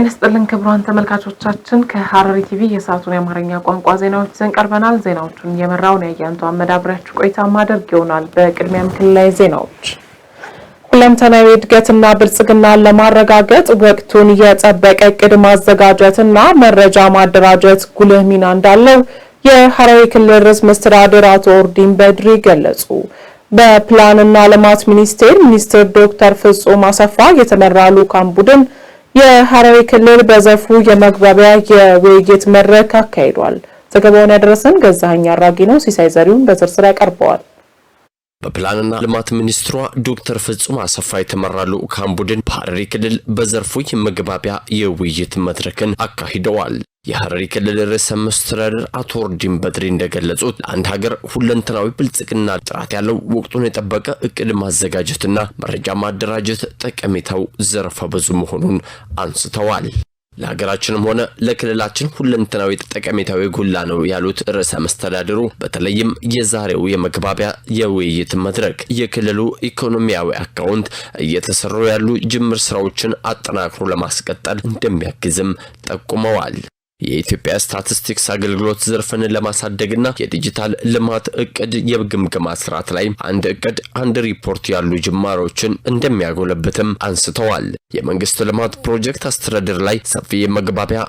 ጤና ይስጥልን ክቡራን ተመልካቾቻችን፣ ከሐረሪ ቲቪ የሰዓቱን የአማርኛ ቋንቋ ዜናዎች ይዘን ቀርበናል። ዜናዎቹን ነው ያያንቱ አመዳብሪያችሁ ቆይታ ማድረግ ይሆናል። በቅድሚያም ክልላዊ ዜናዎች። ሁለንተናዊ እድገትና ብልጽግናን ለማረጋገጥ ወቅቱን የጠበቀ እቅድ ማዘጋጀትና መረጃ ማደራጀት ጉልህ ሚና እንዳለው የሐረሪ ክልል ርዕሰ መስተዳድር አቶ ኦርዲን በድሪ ገለጹ። በፕላንና ልማት ሚኒስቴር ሚኒስትር ዶክተር ፍጹም አሰፋ የተመራ ልዑካን ቡድን የሐረሪ ክልል በዘርፉ የመግባቢያ የውይይት መድረክ አካሂዷል። ዘገባውን ያደረሰን ገዛኸኝ አራጊ ነው። ሲሳይ ዘሪሁን በዝርዝር ያቀርበዋል። በፕላንና ልማት ሚኒስትሯ ዶክተር ፍጹም አሰፋ የተመራ ልዑካን ቡድን በሐረሪ ክልል በዘርፉ የመግባቢያ የውይይት መድረክን አካሂደዋል። የሐረሪ ክልል ርዕሰ መስተዳደር አቶ ኦርዲን በድሪ እንደገለጹት ለአንድ ሀገር ሁለንተናዊ ብልጽግና ጥራት ያለው ወቅቱን የጠበቀ እቅድ ማዘጋጀትና መረጃ ማደራጀት ጠቀሜታው ዘርፈ ብዙ መሆኑን አንስተዋል። ለሀገራችንም ሆነ ለክልላችን ሁለንተናዊ ጠቀሜታዊ ጎላ ነው ያሉት ርዕሰ መስተዳድሩ በተለይም የዛሬው የመግባቢያ የውይይት መድረክ የክልሉ ኢኮኖሚያዊ አካውንት እየተሰሩ ያሉ ጅምር ስራዎችን አጠናክሮ ለማስቀጠል እንደሚያግዝም ጠቁመዋል። የኢትዮጵያ ስታቲስቲክስ አገልግሎት ዘርፍን ለማሳደግና የዲጂታል ልማት እቅድ የግምገማ ስርዓት ላይ አንድ እቅድ አንድ ሪፖርት ያሉ ጅማሮችን እንደሚያጎለብትም አንስተዋል። የመንግስት ልማት ፕሮጀክት አስተዳደር ላይ ሰፊ የመግባቢያ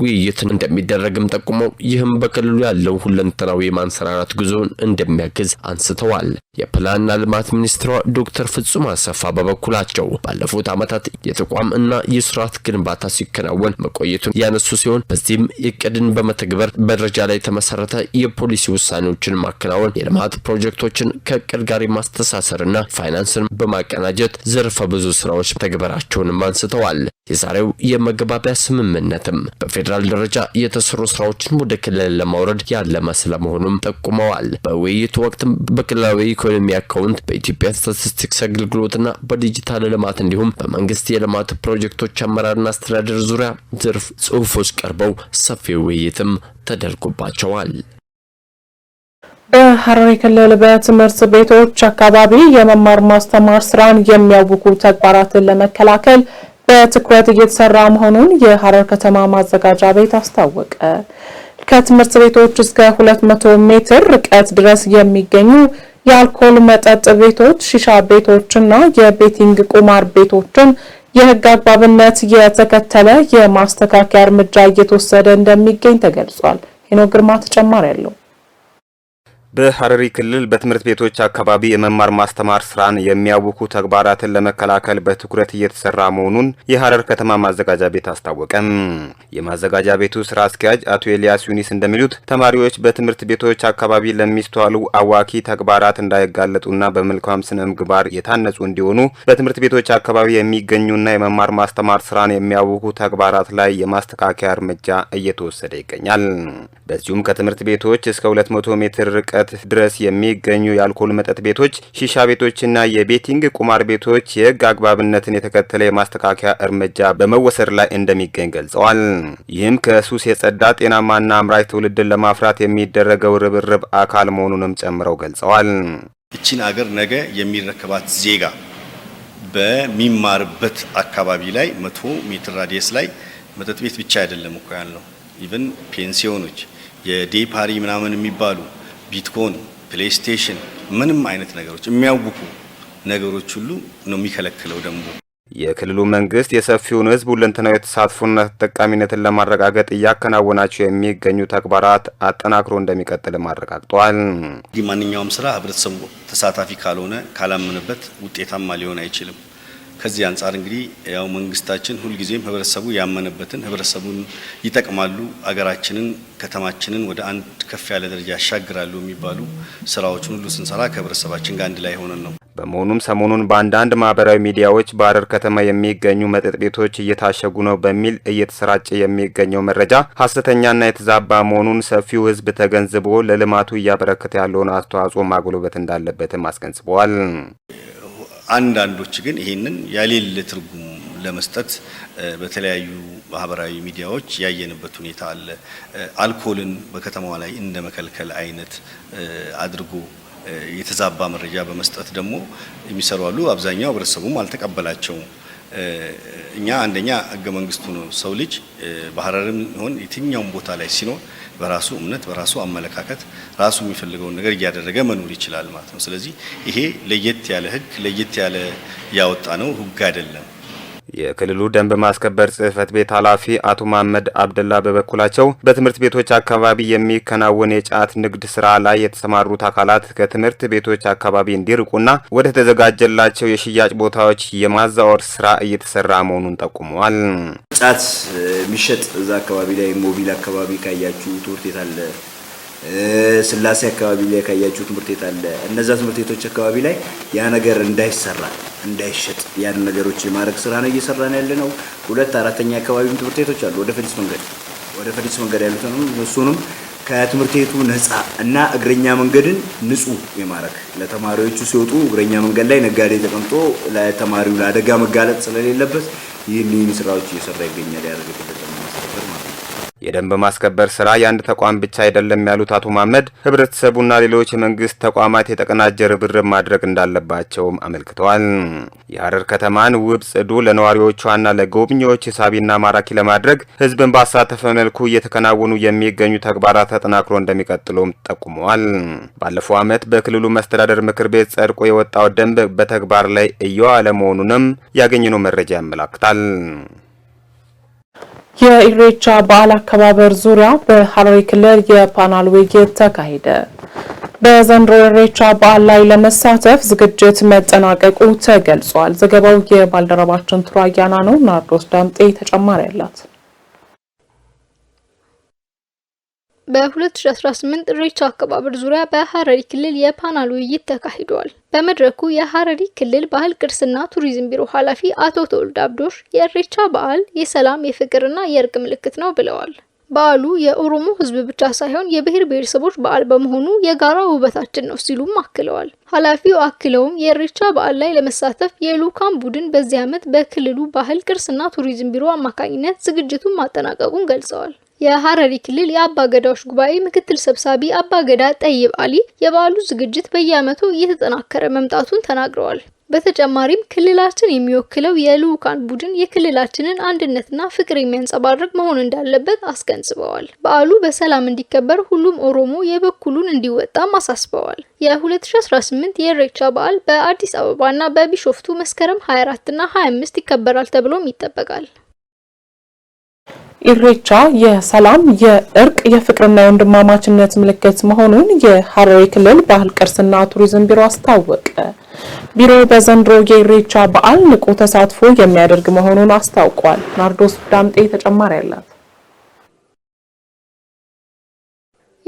ውይይት እንደሚደረግም ጠቁመው ይህም በክልሉ ያለው ሁለንተናዊ የማንሰራራት ጉዞን እንደሚያግዝ አንስተዋል። የፕላንና ልማት ሚኒስትሯ ዶክተር ፍጹም አሰፋ በበኩላቸው ባለፉት ዓመታት የተቋም እና የስርዓት ግንባታ ሲከናወን መቆየቱን ያነሱ ሲሆን በዚህም እቅድን በመተግበር በደረጃ ላይ የተመሰረተ የፖሊሲ ውሳኔዎችን ማከናወን፣ የልማት ፕሮጀክቶችን ከእቅድ ጋር የማስተሳሰርና ፋይናንስን በማቀናጀት ዘርፈ ብዙ ስራዎች ተግበራቸውንም አንስተዋል። የዛሬው የመግባቢያ ስምምነትም በፌዴራል ደረጃ የተሰሩ ስራዎችን ወደ ክልል ለማውረድ ያለመ ስለመሆኑም ጠቁመዋል። በውይይቱ ወቅትም በክልላዊ ኢኮኖሚ አካውንት በኢትዮጵያ ስታቲስቲክስ አገልግሎትና በዲጂታል ልማት እንዲሁም በመንግስት የልማት ፕሮጀክቶች አመራርና አስተዳደር ዙሪያ ዝርፍ ጽሁፎች ቀርበው ሰፊ ውይይትም ተደርጎባቸዋል። በሐረሪ ክልል በትምህርት ቤቶች አካባቢ የመማር ማስተማር ስራን የሚያውኩ ተግባራትን ለመከላከል በትኩረት እየተሰራ መሆኑን የሐረር ከተማ ማዘጋጃ ቤት አስታወቀ። ከትምህርት ቤቶች እስከ 200 ሜትር ርቀት ድረስ የሚገኙ የአልኮል መጠጥ ቤቶች፣ ሺሻ ቤቶችና የቤቲንግ ቁማር ቤቶችን የህግ አግባብነት የተከተለ የማስተካከያ እርምጃ እየተወሰደ እንደሚገኝ ተገልጿል። ሄኖ ግርማ ተጨማሪ ያለው በሐረሪ ክልል በትምህርት ቤቶች አካባቢ የመማር ማስተማር ስራን የሚያውኩ ተግባራትን ለመከላከል በትኩረት እየተሰራ መሆኑን የሐረር ከተማ ማዘጋጃ ቤት አስታወቀም። የማዘጋጃ ቤቱ ስራ አስኪያጅ አቶ ኤልያስ ዩኒስ እንደሚሉት ተማሪዎች በትምህርት ቤቶች አካባቢ ለሚስተዋሉ አዋኪ ተግባራት እንዳይጋለጡና በመልካም ስነ ምግባር የታነጹ እንዲሆኑ በትምህርት ቤቶች አካባቢ የሚገኙና የመማር ማስተማር ስራን የሚያውኩ ተግባራት ላይ የማስተካከያ እርምጃ እየተወሰደ ይገኛል። በዚሁም ከትምህርት ቤቶች እስከ 200 ሜትር ርቀት ዓመታት ድረስ የሚገኙ የአልኮል መጠጥ ቤቶች፣ ሺሻ ቤቶችና የቤቲንግ ቁማር ቤቶች የህግ አግባብነትን የተከተለ የማስተካከያ እርምጃ በመወሰድ ላይ እንደሚገኝ ገልጸዋል። ይህም ከሱስ የጸዳ ጤናማና አምራች ትውልድን ለማፍራት የሚደረገው ርብርብ አካል መሆኑንም ጨምረው ገልጸዋል። እችን አገር ነገ የሚረከባት ዜጋ በሚማርበት አካባቢ ላይ መቶ ሜትር ራዲየስ ላይ መጠጥ ቤት ብቻ አይደለም እኮ ያለው ኢቨን ፔንሲዮኖች የዴፓሪ ምናምን የሚባሉ ቢትኮን፣ ፕሌይስቴሽን፣ ምንም አይነት ነገሮች የሚያውቁ ነገሮች ሁሉ ነው የሚከለክለው ደንቡ። የክልሉ መንግስት የሰፊውን ህዝብ ሁለንተናዊ የተሳትፎና ተጠቃሚነትን ለማረጋገጥ እያከናወናቸው የሚገኙ ተግባራት አጠናክሮ እንደሚቀጥል አረጋግጧል። እንዲህ ማንኛውም ስራ ህብረተሰቡ ተሳታፊ ካልሆነ ካላመንበት ውጤታማ ሊሆን አይችልም። ከዚህ አንጻር እንግዲህ ያው መንግስታችን ሁልጊዜም ህብረተሰቡ ያመነበትን ህብረተሰቡን ይጠቅማሉ፣ አገራችንን፣ ከተማችንን ወደ አንድ ከፍ ያለ ደረጃ ያሻግራሉ የሚባሉ ስራዎችን ሁሉ ስንሰራ ከህብረተሰባችን ጋር አንድ ላይ ሆነን ነው። በመሆኑም ሰሞኑን በአንዳንድ ማህበራዊ ሚዲያዎች በሀረር ከተማ የሚገኙ መጠጥ ቤቶች እየታሸጉ ነው በሚል እየተሰራጨ የሚገኘው መረጃ ሀሰተኛና የተዛባ መሆኑን ሰፊው ህዝብ ተገንዝቦ ለልማቱ እያበረከተ ያለውን አስተዋጽኦ ማጉልበት እንዳለበትም አስገንዝበዋል። አንዳንዶች ግን ይህንን ያሌለ ትርጉም ለመስጠት በተለያዩ ማህበራዊ ሚዲያዎች ያየንበት ሁኔታ አለ። አልኮልን በከተማዋ ላይ እንደ መከልከል አይነት አድርጎ የተዛባ መረጃ በመስጠት ደግሞ የሚሰሩ አሉ። አብዛኛው ህብረተሰቡም አልተቀበላቸውም። እኛ አንደኛ ህገ መንግስቱ ነው። ሰው ልጅ በሀረርም ሆን የትኛውም ቦታ ላይ ሲኖር በራሱ እምነት፣ በራሱ አመለካከት ራሱ የሚፈልገውን ነገር እያደረገ መኖር ይችላል ማለት ነው። ስለዚህ ይሄ ለየት ያለ ህግ ለየት ያለ ያወጣ ነው ህግ አይደለም። የክልሉ ደንብ ማስከበር ጽህፈት ቤት ኃላፊ አቶ መሐመድ አብደላ በበኩላቸው በትምህርት ቤቶች አካባቢ የሚከናወን የጫት ንግድ ስራ ላይ የተሰማሩት አካላት ከትምህርት ቤቶች አካባቢ እንዲርቁና ወደ ተዘጋጀላቸው የሽያጭ ቦታዎች የማዛወር ስራ እየተሰራ መሆኑን ጠቁመዋል። ጫት የሚሸጥ እዛ አካባቢ ላይ ሞቢል አካባቢ ካያችሁ ትምህርት ቤት አለ ስላሴ አካባቢ ላይ ካያችሁ ትምህርት ቤት አለ። እነዛ ትምህርት ቤቶች አካባቢ ላይ ያ ነገር እንዳይሰራ እንዳይሸጥ ያን ነገሮች የማድረግ ስራ ነው ነው ያለ ነው። ሁለት አራተኛ አካባቢ ትምህርት ቤቶች አሉ። ወደ ፈዲስ መንገድ ወደ ፈዲስ መንገድ ያሉትንም እሱንም ከትምህርት ቤቱ ነፃ እና እግረኛ መንገድን ንጹህ የማድረግ ለተማሪዎቹ ሲወጡ እግረኛ መንገድ ላይ ነጋዴ ተቀምጦ ለተማሪው ለአደጋ መጋለጥ ስለሌለበት ይህን ስራዎች እየሰራ ይገኛል ያደረገ የደንብ ማስከበር ስራ የአንድ ተቋም ብቻ አይደለም ያሉት አቶ ማመድ ህብረተሰቡና ሌሎች የመንግስት ተቋማት የተቀናጀ ርብርብ ማድረግ እንዳለባቸውም አመልክተዋል። የሐረር ከተማን ውብ፣ ጽዱ፣ ለነዋሪዎቿና ለጎብኚዎች ሳቢና ማራኪ ለማድረግ ህዝብን ባሳተፈ መልኩ እየተከናወኑ የሚገኙ ተግባራት ተጠናክሮ እንደሚቀጥሉም ጠቁመዋል። ባለፈው ዓመት በክልሉ መስተዳደር ምክር ቤት ጸድቆ የወጣው ደንብ በተግባር ላይ እየዋለ መሆኑንም ያገኘነው መረጃ ያመላክታል። የኢሬቻ በዓል አከባበር ዙሪያ በሐረሪ ክልል የፓናል ውይይት ተካሄደ። በዘንድሮ የኢሬቻ በዓል ላይ ለመሳተፍ ዝግጅት መጠናቀቁ ተገልጿል። ዘገባው የባልደረባችን ቱራያና ነው። ናርዶስ ዳምጤ ተጨማሪ አላት። በ2018 ኢሬቻ አከባበር ዙሪያ በሐረሪ ክልል የፓናል ውይይት ተካሂዷል። በመድረኩ የሐረሪ ክልል ባህል ቅርስና ቱሪዝም ቢሮ ኃላፊ አቶ ተወልድ አብዶሽ የኢሬቻ በዓል የሰላም የፍቅርና የእርቅ ምልክት ነው ብለዋል። በዓሉ የኦሮሞ ሕዝብ ብቻ ሳይሆን የብሔር ብሔረሰቦች በዓል በመሆኑ የጋራ ውበታችን ነው ሲሉም አክለዋል። ኃላፊው አክለውም የኢሬቻ በዓል ላይ ለመሳተፍ የልዑካን ቡድን በዚህ ዓመት በክልሉ ባህል ቅርስና ቱሪዝም ቢሮ አማካኝነት ዝግጅቱን ማጠናቀቁን ገልጸዋል። የሐረሪ ክልል የአባገዳዎች ጉባኤ ምክትል ሰብሳቢ አባገዳ ጠይብ አሊ የበዓሉ ዝግጅት በየዓመቱ እየተጠናከረ መምጣቱን ተናግረዋል። በተጨማሪም ክልላችን የሚወክለው የልዑካን ቡድን የክልላችንን አንድነትና ፍቅር የሚያንጸባርቅ መሆን እንዳለበት አስገንዝበዋል። በዓሉ በሰላም እንዲከበር ሁሉም ኦሮሞ የበኩሉን እንዲወጣም አሳስበዋል። የ2018 የኢሬቻ በዓል በአዲስ አበባና በቢሾፍቱ መስከረም 24ና 25 ይከበራል ተብሎም ይጠበቃል። ኢሬቻ የሰላም የእርቅ የፍቅርና የወንድማማችነት ምልክት መሆኑን የሐረሪ ክልል ባህል ቅርስና ቱሪዝም ቢሮ አስታወቀ። ቢሮ በዘንድሮ የኢሬቻ በዓል ንቁ ተሳትፎ የሚያደርግ መሆኑን አስታውቋል። ናርዶስ ዳምጤ ተጨማሪ አላት።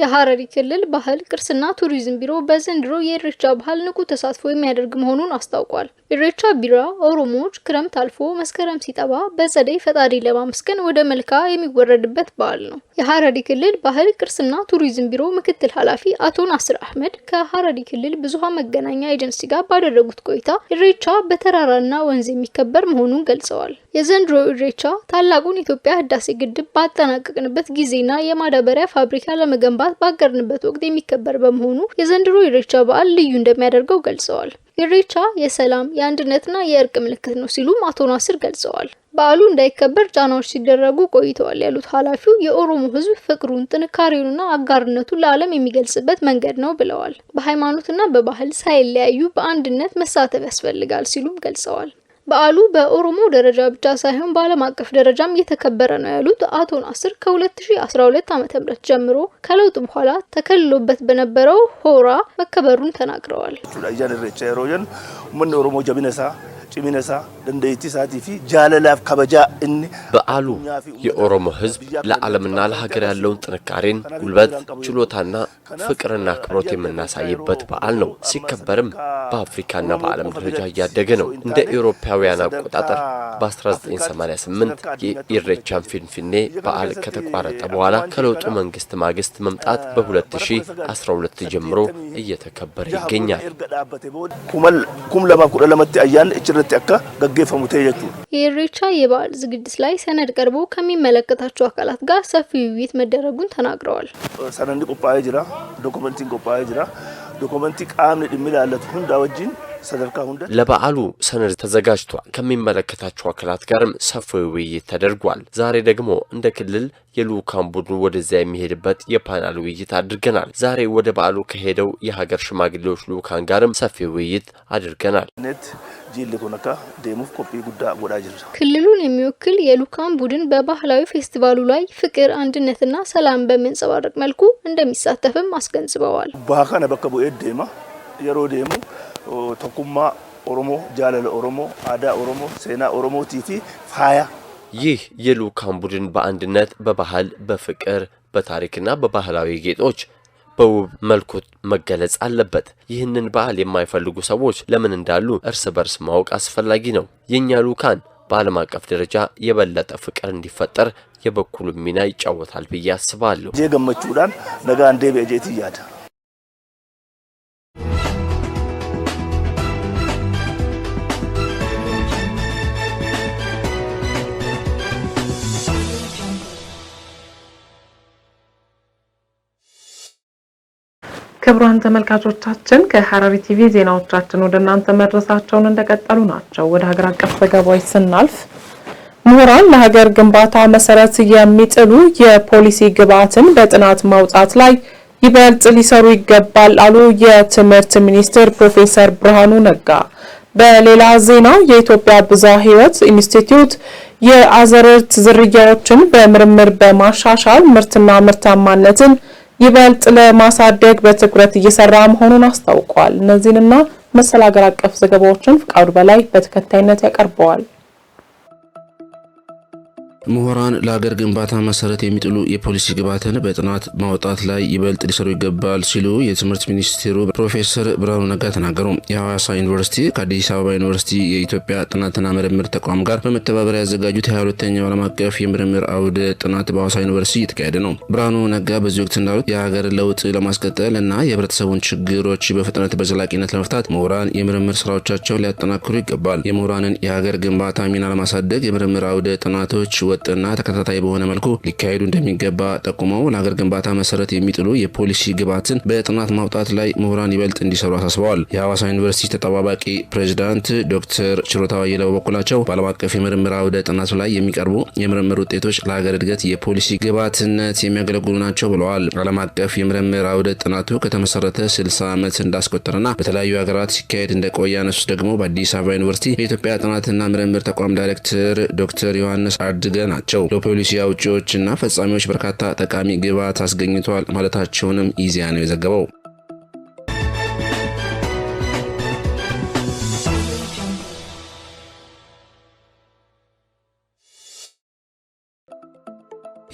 የሐረሪ ክልል ባህል ቅርስና ቱሪዝም ቢሮ በዘንድሮ የኢሬቻ ባህል ንቁ ተሳትፎ የሚያደርግ መሆኑን አስታውቋል። ኢሬቻ ቢራ ኦሮሞዎች ክረምት አልፎ መስከረም ሲጠባ በጸደይ ፈጣሪ ለማመስገን ወደ መልካ የሚወረድበት በዓል ነው። የሐረሪ ክልል ባህል ቅርስና ቱሪዝም ቢሮ ምክትል ኃላፊ አቶ ናስር አህመድ ከሐረሪ ክልል ብዙሃን መገናኛ ኤጀንሲ ጋር ባደረጉት ቆይታ ኢሬቻ በተራራና ወንዝ የሚከበር መሆኑን ገልጸዋል። የዘንድሮ ኢሬቻ ታላቁን የኢትዮጵያ ህዳሴ ግድብ ባጠናቀቅንበት ጊዜና የማዳበሪያ ፋብሪካ ለመገንባት ባገርንበት ወቅት የሚከበር በመሆኑ የዘንድሮ ኢሬቻ በዓል ልዩ እንደሚያደርገው ገልጸዋል። ኢሬቻ የሰላም የአንድነትና የእርቅ ምልክት ነው ሲሉም አቶ ናስር ገልጸዋል። በዓሉ እንዳይከበር ጫናዎች ሲደረጉ ቆይተዋል ያሉት ኃላፊው የኦሮሞ ህዝብ ፍቅሩን ጥንካሬውንና አጋርነቱን ለዓለም የሚገልጽበት መንገድ ነው ብለዋል። በሃይማኖትና በባህል ሳይለያዩ በአንድነት መሳተፍ ያስፈልጋል ሲሉም ገልጸዋል። በዓሉ በኦሮሞ ደረጃ ብቻ ሳይሆን በዓለም አቀፍ ደረጃም እየተከበረ ነው ያሉት አቶ ናስር ከ2012 ዓ ም ጀምሮ ከለውጥ በኋላ ተከልሎበት በነበረው ሆራ መከበሩን ተናግረዋል። በዓሉ የኦሮሞ ህዝብ ለዓለምና ለሀገር ያለውን ጥንካሬን፣ ጉልበት፣ ችሎታና ፍቅርና አክብሮት የምናሳይበት በዓል ነው። ሲከበርም በአፍሪካና በዓለም ደረጃ እያደገ ነው። እንደ ኤውሮፓውያን አቆጣጠር በ1988 የኢሬቻን ፊንፊኔ በዓል ከተቋረጠ በኋላ ከለውጡ መንግስት ማግስት መምጣት በ2012 ጀምሮ እየተከበረ ይገኛል። ይደገፈሙት የጀቱ የኢሬቻ የበዓል ዝግጅት ላይ ሰነድ ቀርቦ ከሚመለከታቸው አካላት ጋር ሰፊ ውይይት መደረጉን ተናግረዋል። ሰነድ ቆጳ ጅራ ዶኩመንቲን ቆጳ ጅራ ዶኩመንቲ ቃም ድሚላለቱ ሁንዳ ወጂን ለበዓሉ ሰነድ ተዘጋጅቷል። ከሚመለከታቸው አካላት ጋርም ሰፊ ውይይት ተደርጓል። ዛሬ ደግሞ እንደ ክልል የልዑካን ቡድኑ ወደዚያ የሚሄድበት የፓናል ውይይት አድርገናል። ዛሬ ወደ በዓሉ ከሄደው የሀገር ሽማግሌዎች ልዑካን ጋርም ሰፊ ውይይት አድርገናል። ክልሉን የሚወክል የልዑካን ቡድን በባህላዊ ፌስቲቫሉ ላይ ፍቅር፣ አንድነትና ሰላም በሚንጸባረቅ መልኩ እንደሚሳተፍም አስገንዝበዋል። tokkummaa Oromoo jaalala Oromoo aadaa Oromoo seenaa Oromootii fi faaya ይህ የልዑካን ቡድን በአንድነት በባህል በፍቅር በታሪክና በባህላዊ ጌጦች በውብ መልኩ መገለጽ አለበት። ይህንን ባህል የማይፈልጉ ሰዎች ለምን እንዳሉ እርስ በርስ ማወቅ አስፈላጊ ነው። የእኛ ሉካን በዓለም አቀፍ ደረጃ የበለጠ ፍቅር እንዲፈጠር የበኩሉ ሚና ይጫወታል ብዬ አስባለሁ። ዜ ገመቹዳን ነጋ እንዴ ክቡራን ተመልካቾቻችን ከሐረሪ ቲቪ ዜናዎቻችን ወደ እናንተ መድረሳቸውን እንደቀጠሉ ናቸው። ወደ ሀገር አቀፍ ዘገባዎች ስናልፍ ምሁራን ለሀገር ግንባታ መሰረት የሚጥሉ የፖሊሲ ግብዓትን በጥናት ማውጣት ላይ ይበልጥ ሊሰሩ ይገባል አሉ የትምህርት ሚኒስትር ፕሮፌሰር ብርሃኑ ነጋ። በሌላ ዜና የኢትዮጵያ ብዝሃ ሕይወት ኢንስቲትዩት የአዝርዕት ዝርያዎችን በምርምር በማሻሻል ምርትና ምርታማነትን ይበልጥ ለማሳደግ በትኩረት እየሰራ መሆኑን አስታውቋል። እነዚህንና መሰል ሀገር አቀፍ ዘገባዎችን ፍቃዱ በላይ በተከታይነት ያቀርበዋል። ምሁራን ለሀገር ግንባታ መሰረት የሚጥሉ የፖሊሲ ግብዓትን በጥናት ማውጣት ላይ ይበልጥ ሊሰሩ ይገባል ሲሉ የትምህርት ሚኒስትሩ ፕሮፌሰር ብርሃኑ ነጋ ተናገሩ። የሐዋሳ ዩኒቨርሲቲ ከአዲስ አበባ ዩኒቨርሲቲ የኢትዮጵያ ጥናትና ምርምር ተቋም ጋር በመተባበር ያዘጋጁት የሃያ ሁለተኛው ዓለም አቀፍ የምርምር አውደ ጥናት በሐዋሳ ዩኒቨርሲቲ እየተካሄደ ነው። ብርሃኑ ነጋ በዚህ ወቅት እንዳሉት የሀገር ለውጥ ለማስቀጠል እና የህብረተሰቡን ችግሮች በፍጥነት በዘላቂነት ለመፍታት ምሁራን የምርምር ስራዎቻቸውን ሊያጠናክሩ ይገባል። የምሁራንን የሀገር ግንባታ ሚና ለማሳደግ የምርምር አውደ ጥናቶች ወጥና ተከታታይ በሆነ መልኩ ሊካሄዱ እንደሚገባ ጠቁመው ለሀገር ግንባታ መሰረት የሚጥሉ የፖሊሲ ግብዓትን በጥናት ማውጣት ላይ ምሁራን ይበልጥ እንዲሰሩ አሳስበዋል። የሐዋሳ ዩኒቨርሲቲ ተጠባባቂ ፕሬዚዳንት ዶክተር ችሮታ ዋየለ በበኩላቸው በዓለም አቀፍ የምርምር አውደ ጥናቱ ላይ የሚቀርቡ የምርምር ውጤቶች ለሀገር እድገት የፖሊሲ ግብዓትነት የሚያገለግሉ ናቸው ብለዋል። ዓለም አቀፍ የምርምር አውደ ጥናቱ ከተመሰረተ 60 ዓመት እንዳስቆጠረና በተለያዩ ሀገራት ሲካሄድ እንደቆየ ያነሱት ደግሞ በአዲስ አበባ ዩኒቨርሲቲ የኢትዮጵያ ጥናትና ምርምር ተቋም ዳይሬክተር ዶክተር ዮሐንስ አድገ ናቸው። ለፖሊሲ አውጪዎችና ፈጻሚዎች በርካታ ጠቃሚ ግብዓት አስገኝቷል ማለታቸውንም ኢዜአ ነው የዘገበው።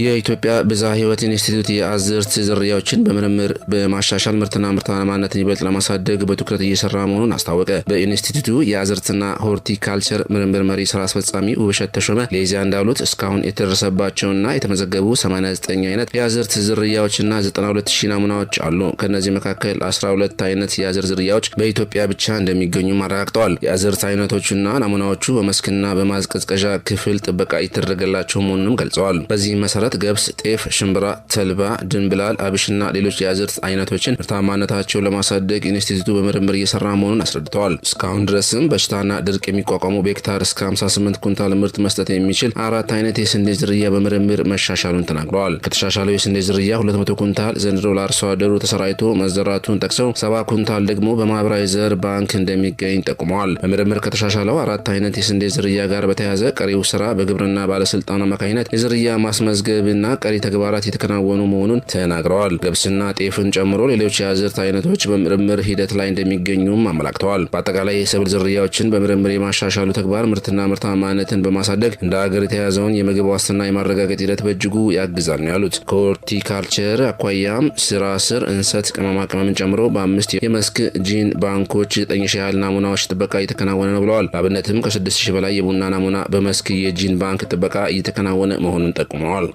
የኢትዮጵያ ብዝሃ ሕይወት ኢንስቲትዩት የአዝርት ዝርያዎችን በምርምር በማሻሻል ምርትና ምርታማነትን ይበልጥ ለማሳደግ በትኩረት እየሰራ መሆኑን አስታወቀ። በኢንስቲትዩቱ የአዝርትና ሆርቲካልቸር ምርምር መሪ ስራ አስፈጻሚ ውብሸት ተሾመ ለኢዜአ እንዳሉት እስካሁን የተደረሰባቸውና የተመዘገቡ 89 አይነት የአዝርት ዝርያዎችና 92 ሺህ ናሙናዎች አሉ። ከእነዚህ መካከል 12 አይነት የአዝርት ዝርያዎች በኢትዮጵያ ብቻ እንደሚገኙም አረጋግጠዋል። የአዝርት አይነቶቹና ናሙናዎቹ በመስክና በማዝቀዝቀዣ ክፍል ጥበቃ የተደረገላቸው መሆኑንም ገልጸዋል። በዚህ መሰረት ገብስ፣ ጤፍ፣ ሽምብራ፣ ተልባ፣ ድንብላል፣ አብሽና ሌሎች የአዝርት አይነቶችን ምርታማነታቸው ለማሳደግ ኢንስቲትዩቱ በምርምር እየሰራ መሆኑን አስረድተዋል። እስካሁን ድረስም በሽታና ድርቅ የሚቋቋሙ በሄክታር እስከ 58 ኩንታል ምርት መስጠት የሚችል አራት አይነት የስንዴ ዝርያ በምርምር መሻሻሉን ተናግረዋል። ከተሻሻለው የስንዴ ዝርያ 200 ኩንታል ዘንድሮ ለአርሶ አደሩ ተሰራይቶ መዘራቱን ጠቅሰው ሰባ ኩንታል ደግሞ በማህበራዊ ዘር ባንክ እንደሚገኝ ጠቁመዋል። በምርምር ከተሻሻለው አራት አይነት የስንዴ ዝርያ ጋር በተያያዘ ቀሪው ስራ በግብርና ባለስልጣን አማካኝነት የዝርያ ማስመዝገብ ምግብና ቀሪ ተግባራት የተከናወኑ መሆኑን ተናግረዋል። ገብስና ጤፍን ጨምሮ ሌሎች የአዝርት አይነቶች በምርምር ሂደት ላይ እንደሚገኙም አመላክተዋል። በአጠቃላይ የሰብል ዝርያዎችን በምርምር የማሻሻሉ ተግባር ምርትና ምርታማነትን በማሳደግ እንደ ሀገር የተያዘውን የምግብ ዋስትና የማረጋገጥ ሂደት በእጅጉ ያግዛል ነው ያሉት። ከሆርቲካልቸር አኳያም ስራ ስር እንሰት ቅመማ ቅመምን ጨምሮ በአምስት የመስክ ጂን ባንኮች 9000 ያህል ናሙናዎች ጥበቃ እየተከናወነ ነው ብለዋል። ለአብነትም ከ6000 በላይ የቡና ናሙና በመስክ የጂን ባንክ ጥበቃ እየተከናወነ መሆኑን ጠቁመዋል።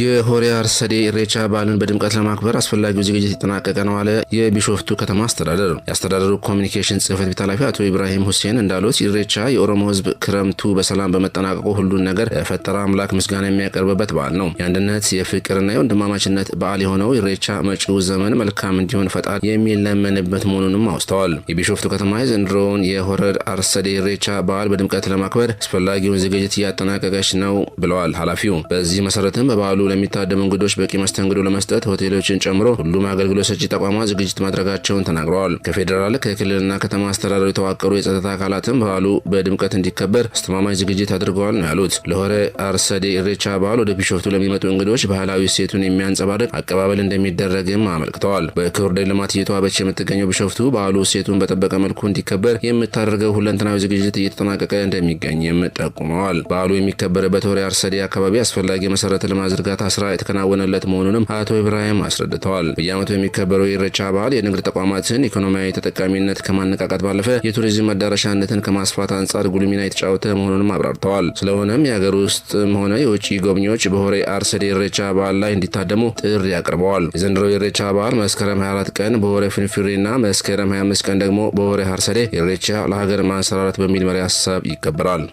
የሆሬ አርሰዴ ኢሬቻ በዓልን በድምቀት ለማክበር አስፈላጊው ዝግጅት የተጠናቀቀ ነው አለ የቢሾፍቱ ከተማ አስተዳደር። የአስተዳደሩ ኮሚኒኬሽን ጽህፈት ቤት ኃላፊ አቶ ኢብራሂም ሁሴን እንዳሉት ኢሬቻ የኦሮሞ ህዝብ ክረምቱ በሰላም በመጠናቀቁ ሁሉን ነገር የፈጠረ አምላክ ምስጋና የሚያቀርብበት በዓል ነው። የአንድነት የፍቅርና የወንድማማችነት በዓል የሆነው ኢሬቻ መጪው ዘመን መልካም እንዲሆን ፈጣሪ የሚለመንበት መሆኑንም አውስተዋል። የቢሾፍቱ ከተማ የዘንድሮውን የሆረር አርሰዴ ኢሬቻ በዓል በድምቀት ለማክበር አስፈላጊውን ዝግጅት እያጠናቀቀች ነው ብለዋል ኃላፊው። በዚህ መሰረትም በበዓሉ ለሚታደሙ እንግዶች በቂ መስተንግዶ ለመስጠት ሆቴሎችን ጨምሮ ሁሉም አገልግሎት ሰጪ ተቋማት ዝግጅት ማድረጋቸውን ተናግረዋል። ከፌዴራል ከክልልና ከተማ አስተዳደሩ የተዋቀሩ የጸጥታ አካላትም በዓሉ በድምቀት እንዲከበር አስተማማኝ ዝግጅት አድርገዋል ነው ያሉት። ለሆረ አርሰዴ እሬቻ በዓል ወደ ቢሾፍቱ ለሚመጡ እንግዶች ባህላዊ እሴቱን የሚያንጸባርቅ አቀባበል እንደሚደረግም አመልክተዋል። በክቡር ልማት እየተዋበች የምትገኘው ቢሾፍቱ በዓሉ እሴቱን በጠበቀ መልኩ እንዲከበር የምታደርገው ሁለንተናዊ ዝግጅት እየተጠናቀቀ እንደሚገኝም ጠቁመዋል። በዓሉ የሚከበርበት ወሬ አርሰዴ አካባቢ አስፈላጊ መሰረተ ልማት ዝርጋታ የእርዳታ ስራ የተከናወነለት መሆኑንም አቶ ኢብራሂም አስረድተዋል። በየዓመቱ የሚከበረው የኢሬቻ በዓል የንግድ ተቋማትን ኢኮኖሚያዊ ተጠቃሚነት ከማነቃቃት ባለፈ የቱሪዝም መዳረሻነትን ከማስፋት አንጻር ጉልህ ሚና የተጫወተ መሆኑንም አብራርተዋል። ስለሆነም የሀገር ውስጥም ሆነ የውጭ ጎብኚዎች በሆሬ አርሰዴ ኢሬቻ በዓል ላይ እንዲታደሙ ጥሪ አቅርበዋል። የዘንድሮው የኢሬቻ በዓል መስከረም 24 ቀን በሆሬ ፍንፍሬና መስከረም 25 ቀን ደግሞ በሆሬ አርሰዴ ኢሬቻ ለሀገር ማንሰራራት በሚል መሪ ሀሳብ ይከበራል።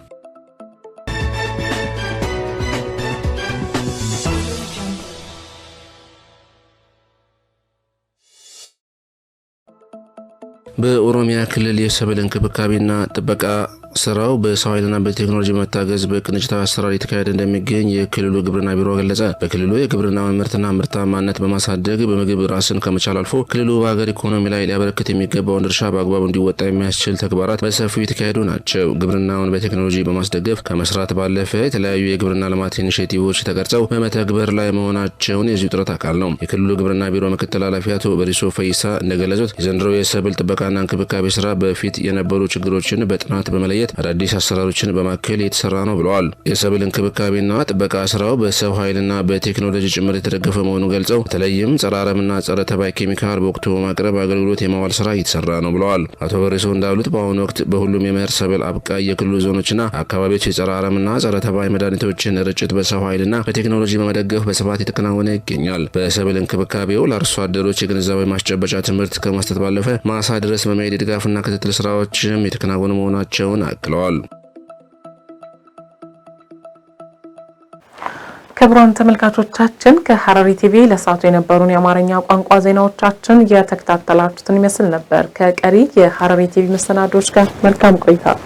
በኦሮሚያ ክልል የሰብል እንክብካቤና ጥበቃ ስራው በሰው ኃይልና በቴክኖሎጂ መታገዝ በቅንጅታዊ አሰራር የተካሄደ እንደሚገኝ የክልሉ ግብርና ቢሮ ገለጸ። በክልሉ የግብርና ምርትና ምርታማነት በማሳደግ በምግብ ራስን ከመቻል አልፎ ክልሉ በሀገር ኢኮኖሚ ላይ ሊያበረክት የሚገባውን ድርሻ በአግባቡ እንዲወጣ የሚያስችል ተግባራት በሰፊው የተካሄዱ ናቸው። ግብርናውን በቴክኖሎጂ በማስደገፍ ከመስራት ባለፈ የተለያዩ የግብርና ልማት ኢኒሽቲቮች ተቀርጸው በመተግበር ላይ መሆናቸውን የዚሁ ጥረት አካል ነው። የክልሉ ግብርና ቢሮ ምክትል ኃላፊ አቶ በሪሶ ፈይሳ እንደገለጹት የዘንድሮ የሰብል ጥበቃና እንክብካቤ ስራ በፊት የነበሩ ችግሮችን በጥናት በመለየት ለማሳየት አዳዲስ አሰራሮችን በማከል የተሰራ ነው ብለዋል። የሰብል እንክብካቤና ጥበቃ ስራው በሰው ኃይልና በቴክኖሎጂ ጭምር የተደገፈ መሆኑ ገልጸው በተለይም ጸረ አረምና ጸረ ተባይ ኬሚካል በወቅቱ በማቅረብ አገልግሎት የማዋል ስራ እየተሰራ ነው ብለዋል። አቶ በሬሶ እንዳሉት በአሁኑ ወቅት በሁሉም የምህር ሰብል አብቃይ የክልሉ ዞኖችና አካባቢዎች የጸረ አረምና ጸረ ተባይ መድኃኒቶችን ርጭት በሰው ኃይልና በቴክኖሎጂ በመደገፍ በስፋት የተከናወነ ይገኛል። በሰብል እንክብካቤው ለአርሶ አደሮች የግንዛቤ ማስጨበጫ ትምህርት ከማስጠት ባለፈ ማሳ ድረስ በመሄድ ድጋፍና ክትትል ስራዎችም የተከናወኑ መሆናቸውን ቀጥለዋል። ክቡራን ተመልካቾቻችን ከሐረሪ ቲቪ ለሰዓቱ የነበሩን የአማርኛ ቋንቋ ዜናዎቻችን የተከታተላችሁትን ይመስል ነበር። ከቀሪ የሐረሪ ቲቪ መሰናዶች ጋር መልካም ቆይታ